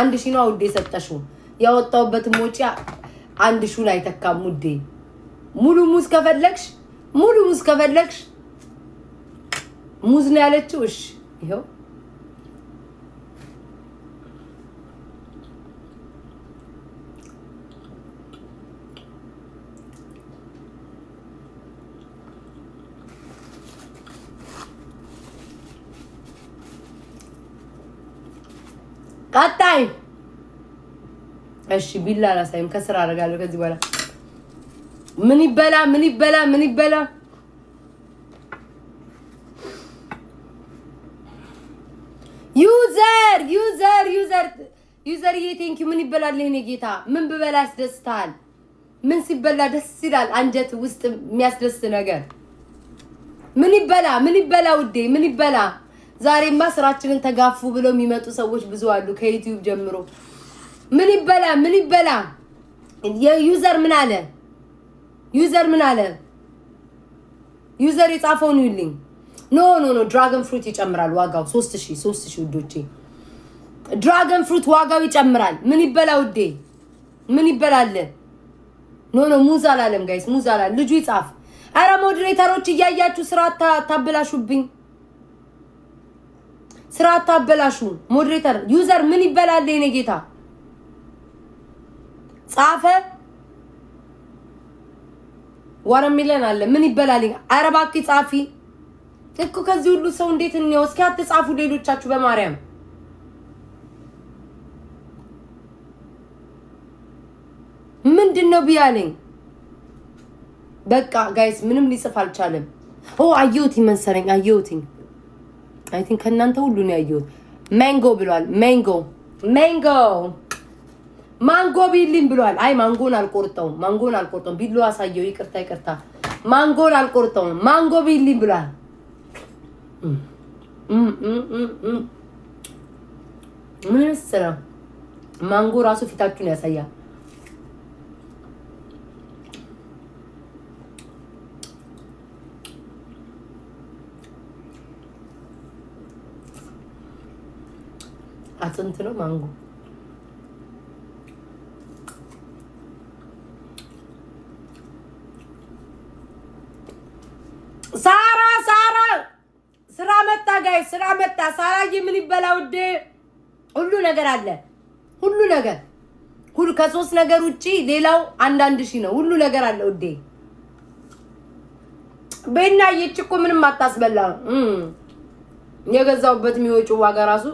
አንድ ሺ ነው ውዴ የሰጠሽው። ያወጣውበት ወጪ አንድ ላይ አይተካም ውዴ። ሙሉ ሙዝ ከፈለግሽ ሙሉ ሙዝ ከፈለግሽ ሙዝ ነው ያለችው። እሺ ይኸው ቀጣይ እሺ፣ ቢላ አላሳይም። ከስራ አደርጋለሁ ከዚህ በኋላ ምን ይበላ ምን ይበላ ምን ይበላ። ዩዘር ዩዘር ዩዘር ዩዘር ቴንኪው። ምን ይበላል የእኔ ጌታ? ምን ብበላ ያስደስታል? ምን ሲበላ ደስ ይላል? አንጀት ውስጥ የሚያስደስት ነገር ምን ይበላ ምን ይበላ ውዴ ምን ይበላ ዛሬማ ስራችንን ተጋፉ ብለው የሚመጡ ሰዎች ብዙ አሉ። ከዩቲዩብ ጀምሮ ምን ይበላ ምን ይበላ የዩዘር ምን አለ ዩዘር ምን አለ ዩዘር የጻፈውን ይልኝ። ኖ ኖ ኖ ድራገን ፍሩት ይጨምራል ዋጋው 3000 3000 ውዶቼ፣ ድራገን ፍሩት ዋጋው ይጨምራል። ምን ይበላ ውዴ ምን ይበላል? ኖ ኖ ሙዝ አላለም ጋይስ፣ ሙዝ አላለም ልጁ ይጻፍ። አረ ሞዲሬተሮች እያያችሁ ስራ ታብላሹብኝ። ስራ አታበላሹን። ሞዴሬተር ዩዘር ምን ይበላል? የኔ ጌታ ጻፈ ዋረ ሚለን አለ ምን ይበላል? ኧረ እባክህ ጻፊ እኮ ከዚህ ሁሉ ሰው እንዴት እንየው? እስኪ አትጻፉ ሌሎቻችሁ በማርያም ምንድን ነው ብያለኝ። በቃ ጋይስ ምንም ሊጽፍ አልቻለም። ኦ አየሁትኝ መሰለኝ አየሁትኝ አይ ቲንክ ከእናንተ ሁሉ ነው ያየሁት። ማንጎ ብሏል። ማንጎ ማንጎ ማንጎ ቢልኝ ብሏል። አይ ማንጎን አልቆርጠውም፣ ማንጎን አልቆርጠውም። ቢሉ አሳየው። ይቅርታ ይቅርታ፣ ማንጎን አልቆርጠውም። ማንጎ ቢልኝ ብሏል። ምን መሰለህ ማንጎ ራሱ ፊታችሁን ያሳያል። አጥንት ነው ማንጎ ሳራ ሳራ ስራ መጣ ጋይ ስራ መጣ ሳራ ምን ይበላ ውዴ ሁሉ ነገር አለ ሁሉ ነገር ሁሉ ከሶስት ነገር ውጪ ሌላው አንዳንድ ሺ ነው ሁሉ ነገር አለ ውዴ ቤና እየችኮ ምንም አታስበላ የገዛውበት የሚወጪው ዋጋ ራሱ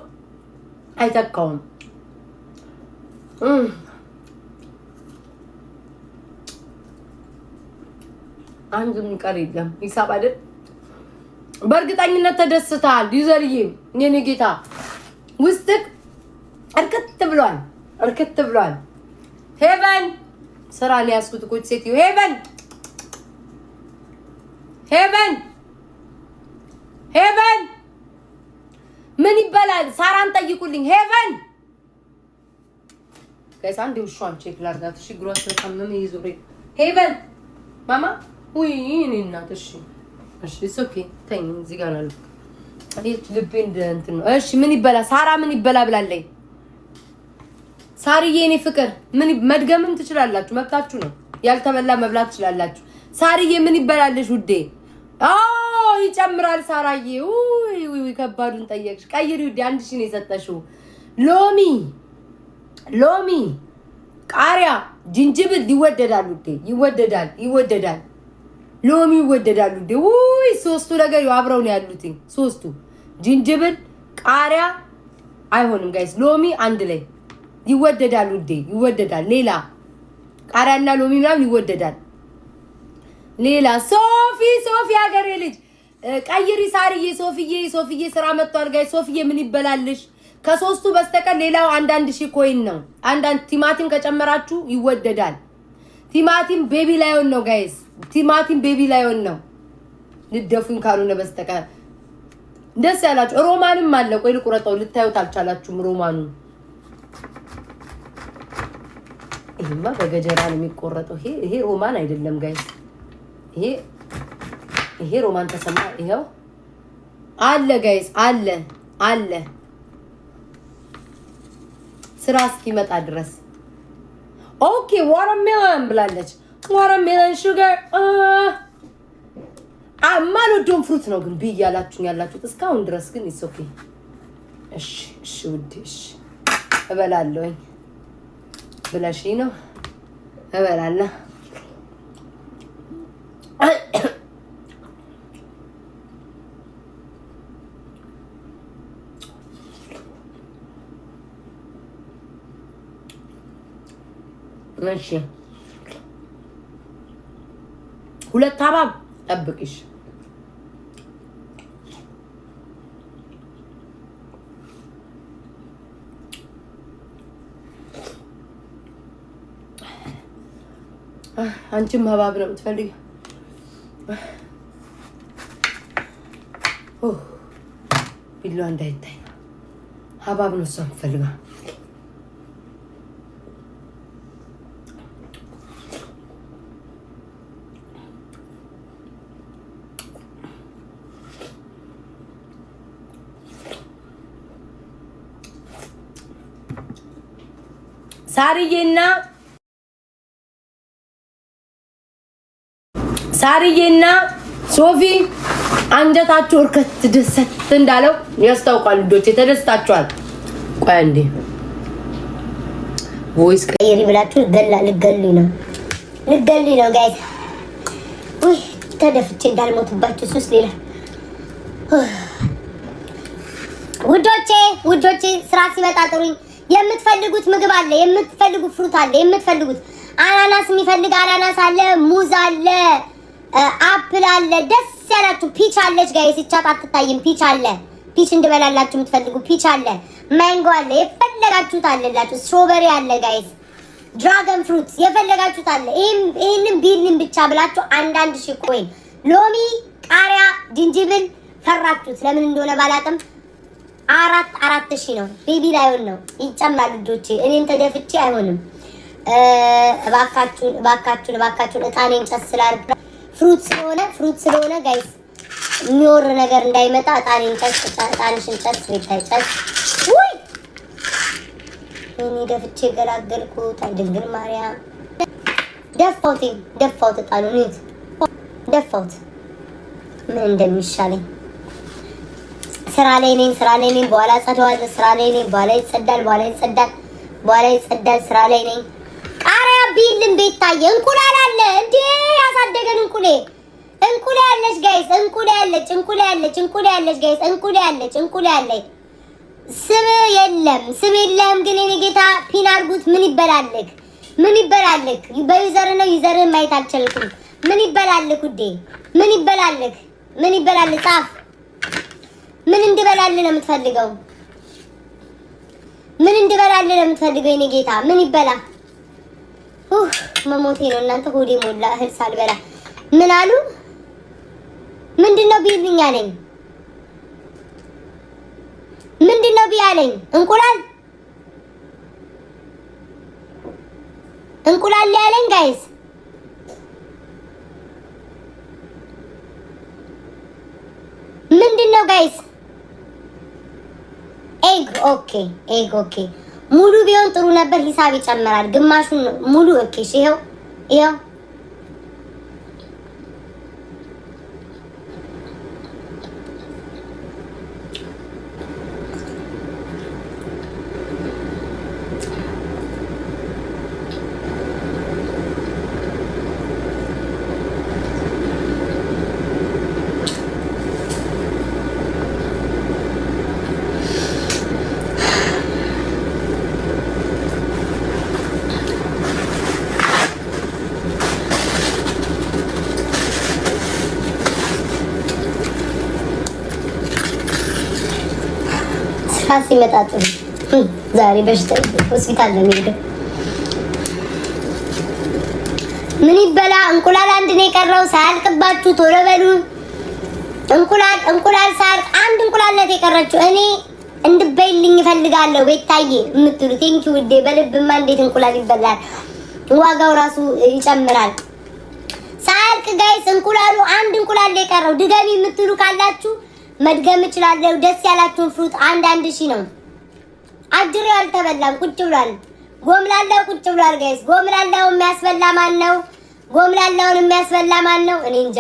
አይጠቃውም። አንድ የሚቀር የለም። ሂሳብ አይደል? በእርግጠኝነት ተደስተሃል ዩዘርዬ፣ የኔ ጌታ ውስጥህ እርክት ብሏል፣ እርክት ብሏል። ሄቨን ስራ ሴትዮ። ሄቨን ሄቨን ሄቨን ምን ይበላል? ሳራን ጠይቁልኝ። ሄቨን ከዛ አንዴ ውሻን ቼክ ላርጋት። እሺ ግሮስ ተቀምም ይዙሪ ሄቨን ማማ ወይ እናት እሺ፣ እሺ ሶኪ ተኝ እዚህ ጋር አለ ልቤ እንደ እንትን ነው። እሺ ምን ይበላ ሳራ ምን ይበላ ብላለኝ። ሳርዬ የኔ ፍቅር ምን መድገምም ትችላላችሁ፣ መብታችሁ ነው። ያልተበላ መብላት ትችላላችሁ። ሳርዬ ምን ይበላልሽ ውዴ? አዎ ይጨምራል ሳራዬ ኡ ከባዱን ጠየቅሽ። ቀይሪ ዲ አንድ ሺህ ነው የሰጠሽው። ሎሚ ሎሚ፣ ቃሪያ፣ ጅንጅብል ይወደዳሉ ይወደዳል፣ ይወደዳል። ሎሚ ይወደዳሉ ዲ ውይ ሶስቱ ነገር አብረው ነው ያሉት። ሶስቱ ጅንጅብል፣ ቃሪያ አይሆንም ጋይስ፣ ሎሚ አንድ ላይ ይወደዳል ውዴ፣ ይወደዳል። ሌላ ቃሪያና ሎሚ ምናምን ይወደዳል። ሌላ ሶፊ ሶፊ ሀገሬ ልጅ ቀይሪ ሳርዬ፣ ሶፍዬ ሶፍዬ ስራ መጥቷል። ጋይ ሶፍዬ ምን ይበላልሽ? ከሶስቱ በስተቀር ሌላው አንዳንድ ሺ ኮይን ነው። አንዳንድ ቲማቲም ከጨመራችሁ ይወደዳል። ቲማቲም ቤቢ ላዮን ነው ጋይስ፣ ቲማቲም ቤቢ ላዮን ነው። ልደፉኝ ካልሆነ በስተቀር ደስ ያላችሁ። ሮማንም አለ። ቆይ ልቁረጠው። ልታዩት አልቻላችሁም ሮማኑ። ይሄማ በገጀራ ነው የሚቆረጠው። ይሄ ሮማን አይደለም ጋይስ፣ ይሄ ይሄ ሮማን ተሰማ ይኸው አለ ጋይስ አለ አለ ስራ እስኪመጣ ድረስ ኦኬ ዋረሜላን ብላለች። ዋረሜላን ሹገር ማልወደውን ፍሩት ነው ግን ብይ ያላችሁ ያላችሁት እስካሁን ድረስ ግን ኢትስ ኦኬ። እሺ እሺ ውዴ እሺ እበላለሁኝ ብለሽ ነው እበላለሁ። እሺ ሁለት አባብ ጠብቅሽ። አንቺም ሀባብ ነው የምትፈልጊው? ቢላዋ እንዳይታይ ሀባብ ነው እሷ የምትፈልገው። ሳርዬና ሳርዬና ሶፊ አንጀታችሁ እርከት ደሰት እንዳለው ያስታውቃል። ልጆች ተደስታችኋል። ቆይ እንዴ ቮይስ ቀይሪ ብላችሁ ገላ ልገሉኝ ነው ልገሉኝ ነው ጋይስ። ውይ ተደፍቼ እንዳልሞትባችሁ ሱስ ሌላ ውዶቼ ውዶቼ ስራ ሲመጣ ጥሩኝ። የምትፈልጉት ምግብ አለ፣ የምትፈልጉት ፍሩት አለ፣ የምትፈልጉት አናናስ የሚፈልግ አናናስ አለ፣ ሙዝ አለ፣ አፕል አለ፣ ደስ ያላችሁ ፒች አለች። ጋር ይቻት አትታይም። ፒች አለ፣ ፒች እንድበላላችሁ የምትፈልጉ ፒች አለ፣ ማንጎ አለ፣ የፈለጋችሁት አለላችሁ። ስትሮበሪ አለ ጋይስ፣ ድራገን ፍሩት የፈለጋችሁት አለ። ይህንን ቢልን ብቻ ብላችሁ አንዳንድ ሺህ ኮይን ሎሚ፣ ቃሪያ፣ ጅንጅብል ፈራችሁት ለምን እንደሆነ ባላቅም አራት አራት ሺህ ነው። ቤቢ ላይሆን ነው ይጨማል። ልጆቼ እኔን ተደፍቼ አይሆንም። እባካችሁን እባካችሁን እባካችሁን እጣኔን ጨስ ፍሩት ስለሆነ ፍሩት ስለሆነ ጋይስ የሚወር ነገር እንዳይመጣ እጣኔን ጨስ እጣንሽን ጨስ ቤታይ ጨስ ውይ እኔ ደፍቼ ገላገልኩት። ድንግል ማርያም ደፋውቴ ደፋውት እጣኑ ኔት ደፋውት ምን እንደሚሻለኝ ስራ ላይ ነኝ፣ ስራ ላይ ነኝ፣ በኋላ ጸደዋለሁ፣ ስራ ላይ ነኝ፣ በኋላ ይጸዳል፣ በኋላ ይጸዳል፣ በኋላ ይጸዳል፣ ስራ ላይ ነኝ። ቃሪያ ቢልም ቤት ታየ እንቁላል አለ እንዴ! ያሳደገን እንቁሌ እንቁሌ ያለች ጋይስ፣ እንቁሌ ያለች፣ እንቁሌ ያለች፣ እንቁሌ ያለች ጋይስ፣ እንቁሌ ያለች፣ እንቁሌ ያለች። ስም የለም፣ ስም የለም፣ ግን የኔ ጌታ ፒን አድርጉት። ምን ይበላልክ? ምን ይበላልክ? በዩዘር ነው፣ ዩዘርን ማየት አልቻልኩም። ምን ይበላልክ ውዴ? ምን ይበላልክ? ምን ይበላልክ? ጻፍ ምን እንድበላልህ ነው የምትፈልገው? ምን እንድበላልህ ነው የምትፈልገው? የኔ ጌታ ምን ይበላ? ኡህ መሞቴ ነው እናንተ። ሆዴ ሞላ እህል ሳልበላ ምን አሉ? ምንድነው ቢልኝ አለኝ። ምንድነው ቢያለኝ? እንቁላል እንቁላል ሊያለኝ ጋይስ ምንድን ነው ጋይስ ኤግ ኦኬ፣ ኤግ ኦኬ። ሙሉ ቢሆን ጥሩ ነበር፣ ሂሳብ ይጨምራል። ግማሹን ሙሉ ኦኬ። ይኸው ይኸው ፋስ ይመጣጥ ዛሬ በሽታ ሆስፒታል ነው የሚሄደው። ምን ይበላ? እንቁላል አንድ ነው የቀረው። ሳያልቅባችሁ ቶሎ በሉ። እንቁላል እንቁላል ሳያልቅ አንድ እንቁላል ናት የቀረችው። እኔ እንድበይልኝ እፈልጋለሁ ቤታዬ የምትሉ ቴንኪው ውዴ። በልብማ እንዴት እንቁላል ይበላል? ዋጋው ራሱ ይጨምራል። ሳያልቅ ጋይስ እንቁላሉ አንድ እንቁላል የቀረው ድገሚ የምትሉ ካላችሁ መድገም እችላለሁ። ደስ ያላችሁን ፍሩት። አንድ አንድ ሺ ነው። አጅሬው አልተበላም፣ ቁጭ ብሏል። ጎምላላው ቁጭ ብሏል። ጋይስ ጎምላላው የሚያስበላ ማን ነው? ጎምላላውን የሚያስበላ ማን ነው? እኔ እንጃ።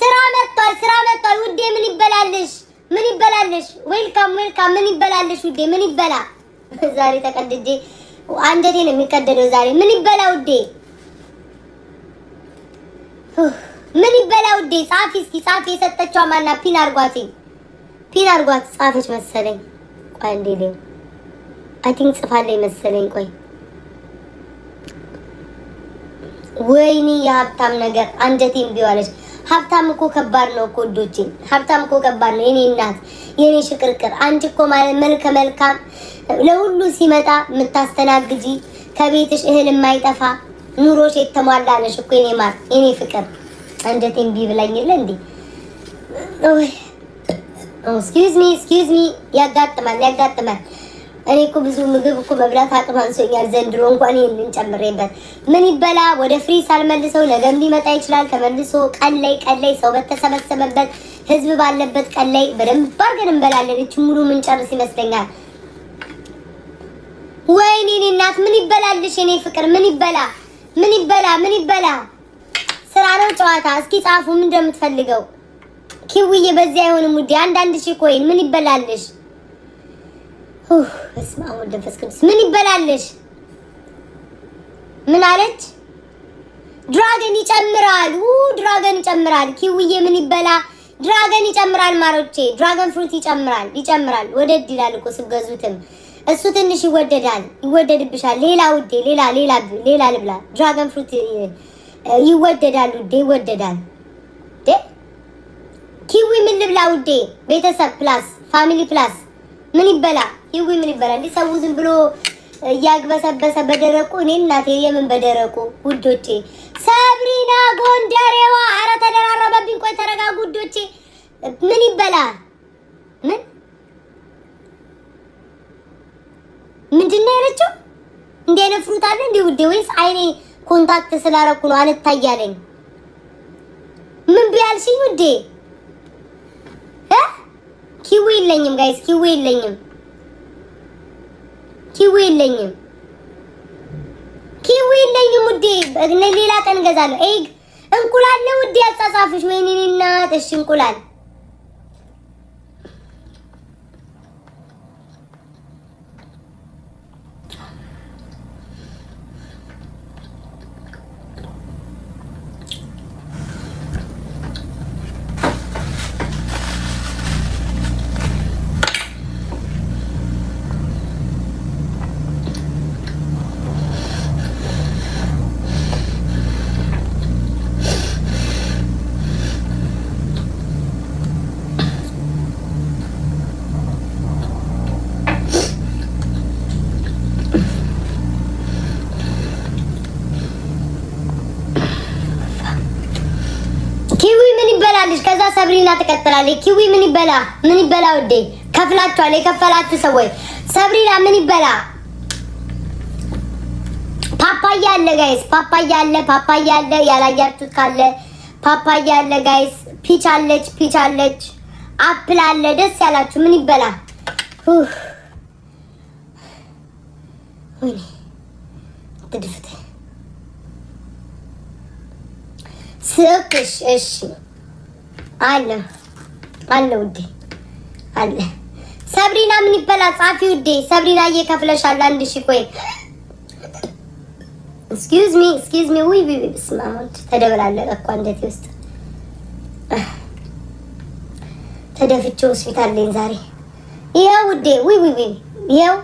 ስራ መጥቷል፣ ስራ መጥቷል። ውዴ ምን ይበላልሽ? ምን ይበላልሽ? ዌልካም ዌልካም። ምን ይበላልሽ ውዴ? ምን ይበላ ዛሬ? ተቀድጄ አንጀቴ ነው የሚቀደደው ዛሬ። ምን ይበላ ውዴ? ምን ይበላ ውዴ፣ ጻፊ እስኪ ጻፊ። የሰጠችዋ ማና ፒን አርጓት፣ ፒን አርጓት። ጻፈች መሰለኝ። ቆይ እንዴ ለው አይ ቲንክ ጽፋለኝ መሰለኝ። ቆይ ወይኔ የሀብታም ነገር አንጀቴን ቢዋለች። ሀብታም እኮ ከባድ ነው እኮ ውዶቼ፣ ሀብታም እኮ ከባድ ነው። የኔ እናት፣ የኔ ሽቅርቅር፣ አንቺ እኮ ማለት መልከ መልካም፣ ለሁሉ ሲመጣ የምታስተናግጂ፣ ከቤትሽ እህል የማይጠፋ ኑሮሽ የተሟላ ነሽ እኮ የኔ ማር፣ የኔ ፍቅር አንጀቴን ቢ ብላኝ የለ እንዴ? እስኪውዝ ሚ እስኪውዝ ሚ። ያጋጥማል ያጋጥማል። እኔ እኮ ብዙ ምግብ እኮ መብላት አቅም አንሶኛል ዘንድሮ። እንኳን ይህንን ጨምሬበት ምን ይበላ ወደ ፍሪ ሳልመልሰው ነገም ሊመጣ ይችላል ተመልሶ። ቀን ላይ ቀን ላይ ሰው በተሰበሰበበት ህዝብ ባለበት ቀን ላይ በደንብ አድርገን እንበላለን። እች ሙሉ ምንጨርስ ይመስለኛል። ወይኔ እኔ እናት ምን ይበላልሽ? እኔ ፍቅር ምን ይበላ ምን ይበላ ምን ይበላ ስራ ነው ጨዋታ። እስኪ ጻፉ ምን እንደምትፈልገው ኪውዬ። በዚህ አይሆንም ውዴ፣ አንዳንድ ሺህ ኮይን ምን ይበላልሽ? በስመ አብ ወወልድ ወመንፈስ ቅዱስ ምን ይበላልሽ? ምን አለች? ድራገን ይጨምራል። ኡ ድራገን ይጨምራል። ኪውዬ ምን ይበላ? ድራገን ይጨምራል። ማሮቼ ድራገን ፍሩት ይጨምራል፣ ይጨምራል። ወደድ ይላል እኮ ስገዙትም እሱ ትንሽ ይወደዳል፣ ይወደድብሻል። ሌላ ውዴ፣ ሌላ ሌላ ሌላ ልብላ ድራገን ፍሩት ይወደዳል ውዴ፣ ይወደዳል ዴ ኪዊ ምን ልብላ ውዴ? ቤተሰብ ፕላስ ፋሚሊ ፕላስ ምን ይበላ? ኪዊ ምን ይበላ? እንዲህ ሰው ዝም ብሎ እያግበሰበሰ በደረቁ። እኔ እናቴ የምን በደረቁ ውዶቼ። ሰብሪና ጎንደሬዋ፣ አረ ተደራረበብኝ። ቆይ ተረጋጉ ውዶቼ። ምን ይበላ? ምን ምንድን ነው ያለችው? እንዲህ አይነት ፍሩት አለ እንዲህ ውዴ? ወይስ አይኔ ኮንታክት ስላረኩ ነው አልታያለኝ። ምን ቢያልሽኝ ውዴ እ ኪዊ የለኝም ጋይስ፣ ኪዊ የለኝም፣ ኪዊ የለኝም፣ ኪዊ የለኝም ውዴ። ሌላ ቀን እገዛለሁ። ኤግ እንቁላል ነው ውዴ አጻጻፍሽ። ወይኔ እናት፣ እሺ እንቁላል ሰብሪና ትቀጥላለች። ኪዊ ምን ይበላ ምን ይበላ? ውዴ ከፍላችኋል። የከፈላችሁ ሰዎች ሰብሪና ምን ይበላ? ፓፓያ አለ ጋይስ፣ ፓፓያ አለ፣ ፓፓያ አለ። ያላያችሁት ካለ ፓፓያ አለ ጋይስ። ፒች አለች፣ ፒች አለች፣ አፕል አለ። ደስ ያላችሁ ምን ይበላ? ትድፍት ስቅሽ እሺ አለ አለ ውዴ አለ። ሰብሪና ምን ይበላል? ጻፊ ውዴ ሰብሪና እየከፍለሻል አንድ ሺህ ቆይ ኤክስኪውዝ ሚ ኤክስኪውዝ ሚ ውይ ቢቢ ብስማ ተደበላለቀ እኮ አንደቴ ውስጥ ተደፍቼ ሆስፒታል ላይ ዛሬ። ይኸው ውዴ ውይ ውይ ይኸው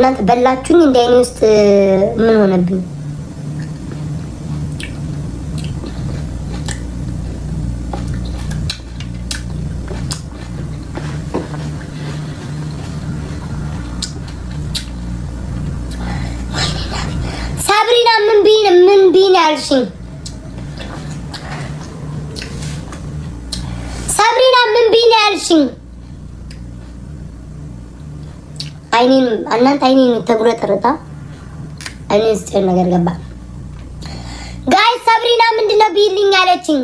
እናንተ በላችሁኝ። እንደ አይኔ ውስጥ ምን ሆነብኝ? ሳብሪና ምን ቢን ምን ቢን ያልሽኝ ሳብሪና ምን ቢን ያልሽኝ አይኔን እናንተ አይኔን ተጉረጠረጣ አይኔን ስጨን ነገር ገባ። ጋይ ሰብሪና ምንድነው ቢልኝ አለችኝ።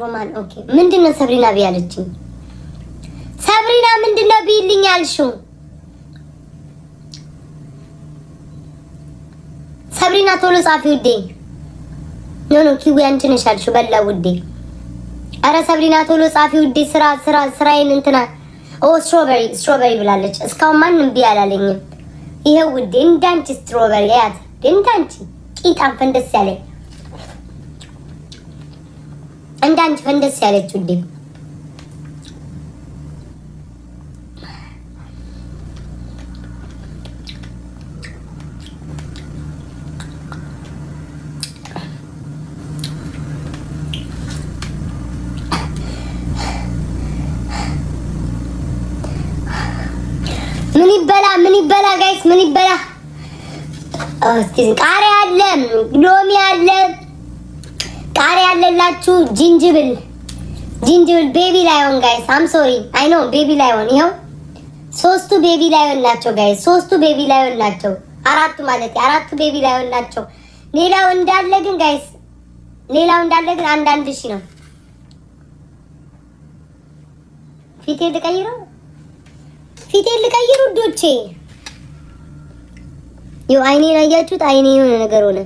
ሮማን ኦኬ፣ ምንድነው ሰብሪና ቢያለችኝ? ሰብሪና ምንድነው ቢልኝ አልሽው? ሰብሪና ቶሎ ጻፊ ውዴ። ኖ ኖ ኪዊ አንቺ ነሽ አልሽው። በላ ውዴ ኧረ ሰብሪና ቶሎ ጻፊ ውዴ፣ ስራ ስራ ስራዬን እንትና ኦ ስትሮበሪ ስትሮበሪ ብላለች። እስካሁን ማንም ቢ አላለኝም። ይሄው ውዴ እንዳንቺ ስትሮበሪ ያት እንዳንቺ ቂጣም ፈንደስ ያለኝ እንዳንቺ ፈንደስ ያለች ውዴ ቃሪያ አለ፣ ሎሚ አለ፣ ቃሪያ አለላችሁ። ጅንጅብል ጅንጅብል ቤቢ ላይሆን ጋይስ፣ አም ሶሪ አይ ኖ ቤቢ ላይሆን። ይኸው ሶስቱ ቤቢ ላይሆን ናቸው ጋይስ፣ ሶስቱ ቤቢ ላይሆን ናቸው። አራቱ ማለት አራቱ ቤቢ ላይሆን ናቸው። ሌላው እንዳለ ግን ጋይስ፣ ሌላው እንዳለ ግን አንዳንድ ሺ ነው። ፊቴ ልቀይረው፣ ፊቴ ልቀይሩ ዶቼ ይኸው አይኔን አያችሁት? አይኔ የሆነ ነገር ሆነ።